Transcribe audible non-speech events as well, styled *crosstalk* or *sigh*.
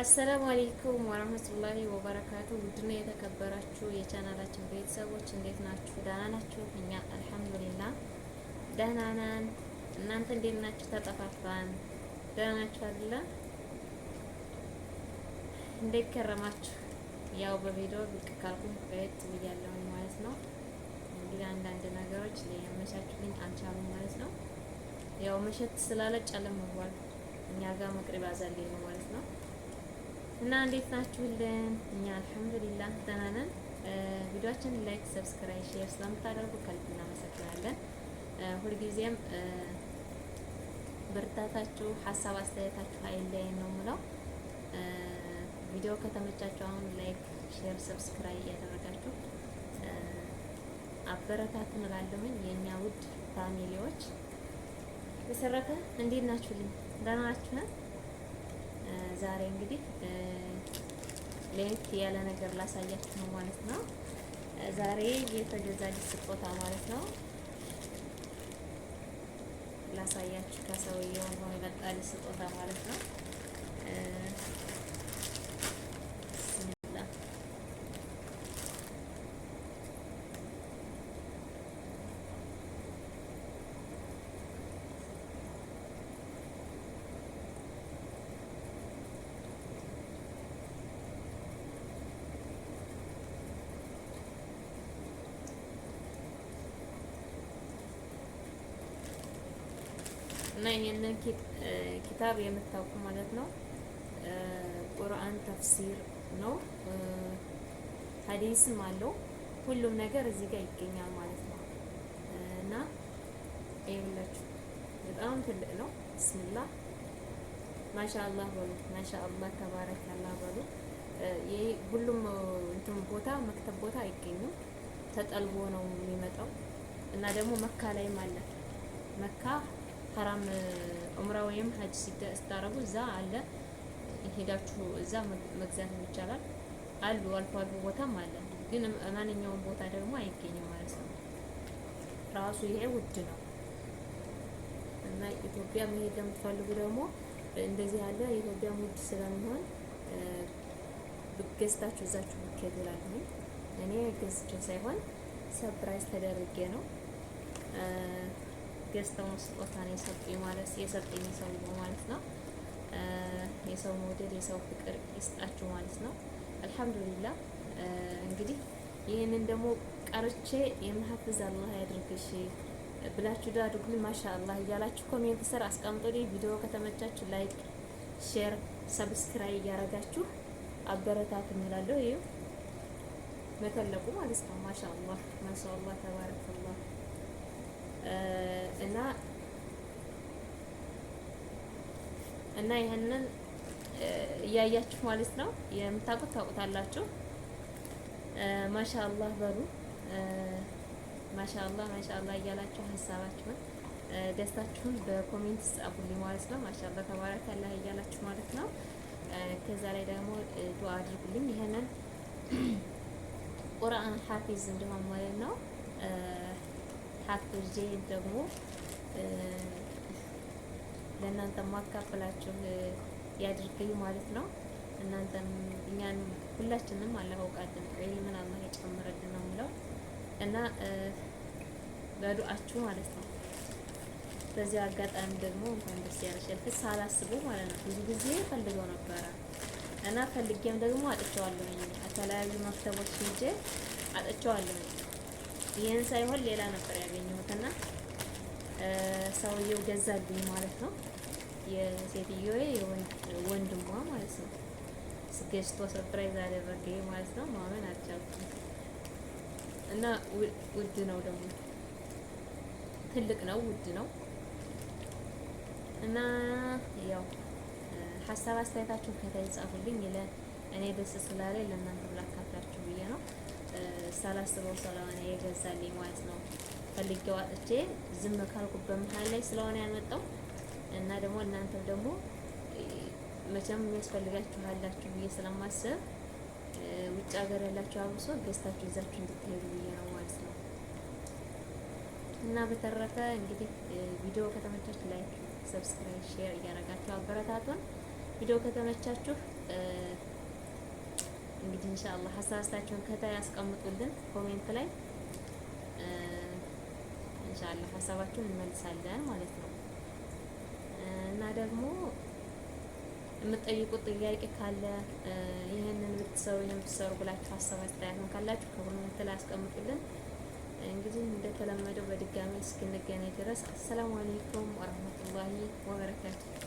አሰላሙ አሌይኩም ወረህመቱላሂ ወበረካቱ። ውድና የተከበራችሁ የቻናላችን ቤተሰቦች እንዴት ናችሁ? ደህና ናችሁ? እኛ አልሐምዱሊላህ ደህና ነን። እናንተ እንዴት ናችሁ? ተጠፋፋን። ደህና ናችሁ አይደለ? እንዴት ከረማችሁ? ያው በቪዲዮ ብቅ ካልኩኝ በየት ብያለሁኝ ማለት ነው። እንግዲህ አንዳንድ ነገሮች ሊያመቻቹልኝ አልቻሉም ማለት ነው። ያው መሸት ስላለ ጨለም ብሏል። እኛ ጋር መቅሪብ አዛሌ ነው ማለት ነው። እና እንዴት ናችሁልን? እኛ አልሐምዱሊላህ ደህና ነን። ቪዲዮአችንን ላይክ፣ ሰብስክራይብ፣ ሼር ስለምታደርጉ ከልብ እናመሰግናለን። ሁልጊዜም ብርታታችሁ፣ ሀሳብ አስተያየታችሁ አይለየን ነው የምለው። ቪዲዮ ከተመቻችሁ አሁን ላይክ፣ ሼር፣ ሰብስክራይብ እያደረጋችሁ አበረታት እንላለሁኝ። የእኛ ውድ ፋሚሊዎች የሰረተ እንዴት ናችሁልኝ? ደህና ናችሁ ዛሬ እንግዲህ ለየት ያለ ነገር ላሳያችሁ ነው ማለት ነው። ዛሬ የተገዛች ስጦታ ማለት ነው ላሳያችሁ። ከሰውየው ነው የመጣልኝ ስጦታ ማለት ነው። እና ይህንን ኪታብ የምታውቁ ማለት ነው ቁርአን ተፍሲር ነው፣ ሀዲስም አለው። ሁሉም ነገር እዚህ ጋር ይገኛል ማለት ነው። እና ይኸውላችሁ በጣም ትልቅ ነው። ብስሚላ ማሻአላህ በሉ፣ ማሻአላህ ተባረካላህ በሉ። ይሄ ሁሉም እንትን ቦታ መክተብ ቦታ አይገኝም፣ ተጠልቦ ነው የሚመጣው። እና ደግሞ መካ ላይም አለ መካ ሐራም ዑምራ ወይም ሀጅ ስታረጉ እዛ አለ ሄዳችሁ እዛ መግዛት ይቻላል። አሉ አልፎ አልፎ ቦታም አለ፣ ግን ማንኛውም ቦታ ደግሞ አይገኝም ማለት ነው። ራሱ ይሄ ውድ ነው እና ኢትዮጵያ መሄድ ለምትፈልጉ ደግሞ እንደዚህ ያለ የኢትዮጵያ ውድ ስለሚሆን ገዝታችሁ እዛችሁ ብትሄዱ እላለሁ። እኔ ገዝቼ ሳይሆን ሰርፕራይዝ ተደርጌ ነው። ገዝተው ስጦታ ነው የሰጡኝ ማለት የሰጡኝ የሰው ማለት ነው። የሰው መውደድ የሰው ፍቅር ይስጣችሁ ማለት ነው። አልሐምዱሊላ እንግዲህ ይህንን ደግሞ ቀርቼ የመሀፍዝ አላህ ያድርግሽ ብላችሁ ዳ አድርጉልኝ። ማሻ አላህ እያላችሁ ኮሜንት ስር አስቀምጦልኝ ቪዲዮ ከተመቻችሁ ላይክ፣ ሼር፣ ሰብስክራይብ እያረጋችሁ አበረታት እንላለሁ። ይኸው መተለቁ ማለት ነው። ማሻ አላህ ማሻ አላህ ተባረከ እና እና ይህንን እያያችሁ ማለት ነው የምታውቁት ታውቁታላችሁ። ማሻአላህ በሉ ማሻአላህ ማሻአላህ እያላችሁ ሀሳባችሁን ደስታችሁን በኮሜንት ጻፉልኝ ማለት ነው። ማሻአላህ ተባረከ አላህ እያላችሁ ማለት ነው። ከዛ ላይ ደግሞ ዱዓ አድርጉልኝ ይሄንን *clears throat* ቁርአን ሀፊዝ እንደሆነ ማለት ነው። ሀክ ዜን ደግሞ ለእናንተ ማካፈላችሁ ያድርገኝ ማለት ነው። እናንተም እኛን ሁላችንም አላውቃትን ዒልምን አላህ የጨምረልን ነው የምለው እና በዱአችሁ ማለት ነው። በዚህ አጋጣሚ ደግሞ እንኳን ደስ ያለሽ ያልኩት ሳላስበው ማለት ነው። ብዙ ጊዜ ፈልገው ነበረ እና ፈልጌም ደግሞ አጥቼዋለሁ። የተለያዩ መክተቦች ሂጄ አጥቼዋለሁ። ይህን ሳይሆን ሌላ ነበር ያገኘሁትና ሰውየው ገዛልኝ ማለት ነው። የሴትዮ ወንድሟ ማለት ነው። ስገዝቶ ሰርፕራይዝ አደረገ ማለት ነው። ማመን አልቻልኩም። እና ውድ ነው ደግሞ ትልቅ ነው፣ ውድ ነው እና ያው ሀሳብ አስተያየታችሁን ከተጻፉልኝ ለእኔ ደስ ስላለ ለእናንተ ብላካፍላችሁ ብዬ ነው። ሳላስበው ስለሆነ የገዛልኝ ማለት ነው። ፈልጌው አጥቼ ዝም ካልኩ በመሀል ላይ ስለሆነ ያመጣው እና ደግሞ እናንተም ደግሞ መቼም የሚያስፈልጋችሁ አላችሁ ብዬ ስለማስብ ውጭ ሀገር ያላችሁ አብሶ ገዝታችሁ ይዛችሁ እንድትሄዱ ብዬ ነው ማለት ነው። እና በተረፈ እንግዲህ ቪዲዮ ከተመቻችሁ ላይክ፣ ሰብስክራይብ፣ ሼር እያደረጋችሁ አበረታቱን። ቪዲዮ ከተመቻችሁ እንግዲህ ኢንሻአላህ ሀሳባችሁን ከታይ ያስቀምጡልን ኮሜንት ላይ ኢንሻአላህ ሀሳባችሁን እንመልሳለን ማለት ነው። እና ደግሞ የምትጠይቁት ጥያቄ ካለ ይህንን ብትሰሩ ይህን ብትሰሩ ብላችሁ ሀሳብ አስተያየትም ካላችሁ ኮሜንት ላይ አስቀምጡልን። እንግዲህ እንደተለመደው በድጋሚ እስክንገናኝ ድረስ አሰላሙ አለይኩም ወራህመቱላሂ ወበረካቱ።